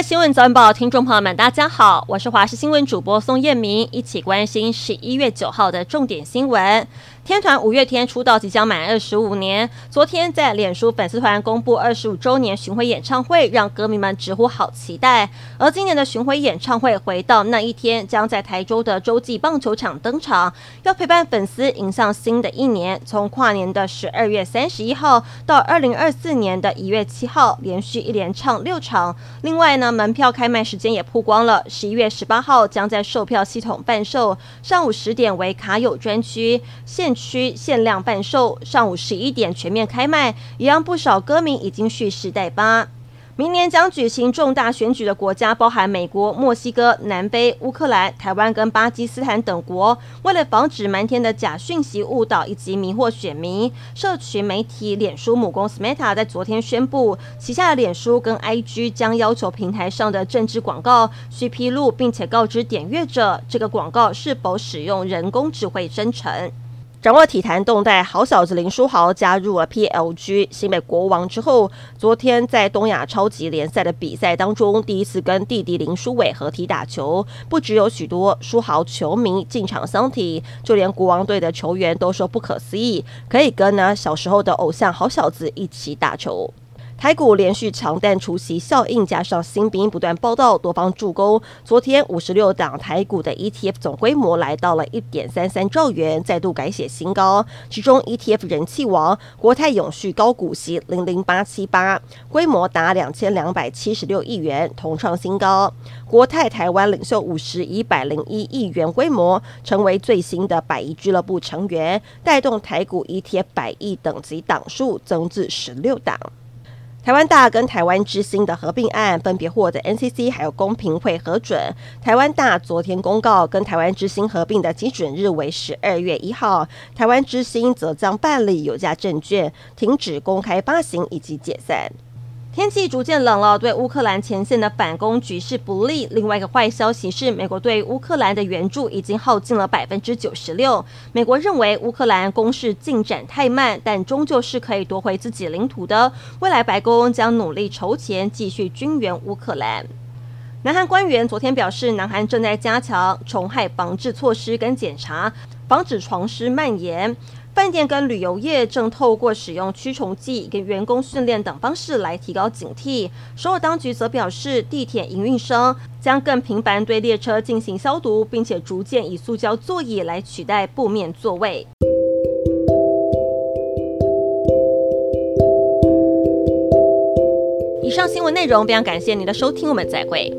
新聞早安報，聽眾朋友們，大家好，我是華視新聞主播宋燕明，一起關心十一月九號的重點新聞。天團五月天出道即將滿二十五年，昨天在臉書粉絲團公布二十五周年巡迴演唱會，讓歌迷們直呼好期待。而今年的巡迴演唱會回到那一天，將在台中的洲際棒球場登場，要陪伴粉絲迎向新的一年。從跨年的十二月三十一號到二零二四年的一月七號，連續一連唱六場。另外呢，門票開賣時間也曝光了，十一月十八號將在售票系統販售，上午十點為卡友專區限需限量販售，上午十一點全面開賣，也讓不少歌迷已經蓄勢待發。明年將舉行重大選舉的國家，包含美國、墨西哥、南非、烏克蘭、台灣跟巴基斯坦等國。為了防止滿天的假訊息誤導以及迷惑選民，社群媒體臉書母公司 Meta 在昨天宣布，旗下的臉書跟 IG 將要求平台上的政治廣告需披露，並且告知點閱者這個廣告是否使用人工智慧生成。掌握體壇動態，豪小子林書豪加入了 PLG 新北國王之後，昨天在東亞超級聯賽的比賽當中，第一次跟弟弟林書緯合體打球，不只有許多書豪球迷進場相挺，就連國王隊的球員都說不可思議，可以跟呢小時候的偶像豪小子一起打球。台股連續長彈，除息效應加上新兵不斷報到，多方助攻。昨天五十六檔台股的 ETF 總規模來到了一點三三兆元，再度改寫新高。其中 ETF 人氣王國泰永續高股息零零八七八，規模達兩千兩百七十六億元，同創新高。國泰台灣領袖五十一百零一億元規模，成為最新的百億俱樂部成員，帶動台股 ETF 百億等級檔數增至十六檔。台灣大跟台灣之星的合併案分別獲得 NCC 還有公平會核准。台灣大昨天公告，跟台灣之星合併的基準日為十二月一號。台灣之星則將辦理有價證券停止公開發行以及解散。天氣逐漸冷了，對烏克蘭前線的反攻局勢不利。另外一個壞消息是，美國對烏克蘭的援助已經耗盡了百分之九十六。美國認為烏克蘭攻勢進展太慢，但終究是可以奪回自己領土的。未來白宮將努力籌錢繼續軍援烏克蘭。南韓官員昨天表示，南韓正在加強蟲害防治措施跟檢查，防止床蝨蔓延。飯店跟旅遊業正透過使用驅蟲劑、跟員工訓練等方式來提高警惕。首爾當局則表示，地鐵營運商將更頻繁對列車進行消毒，並且逐漸以塑膠座椅來取代布面座位。以上新聞內容非常感謝您的收聽，我們再會。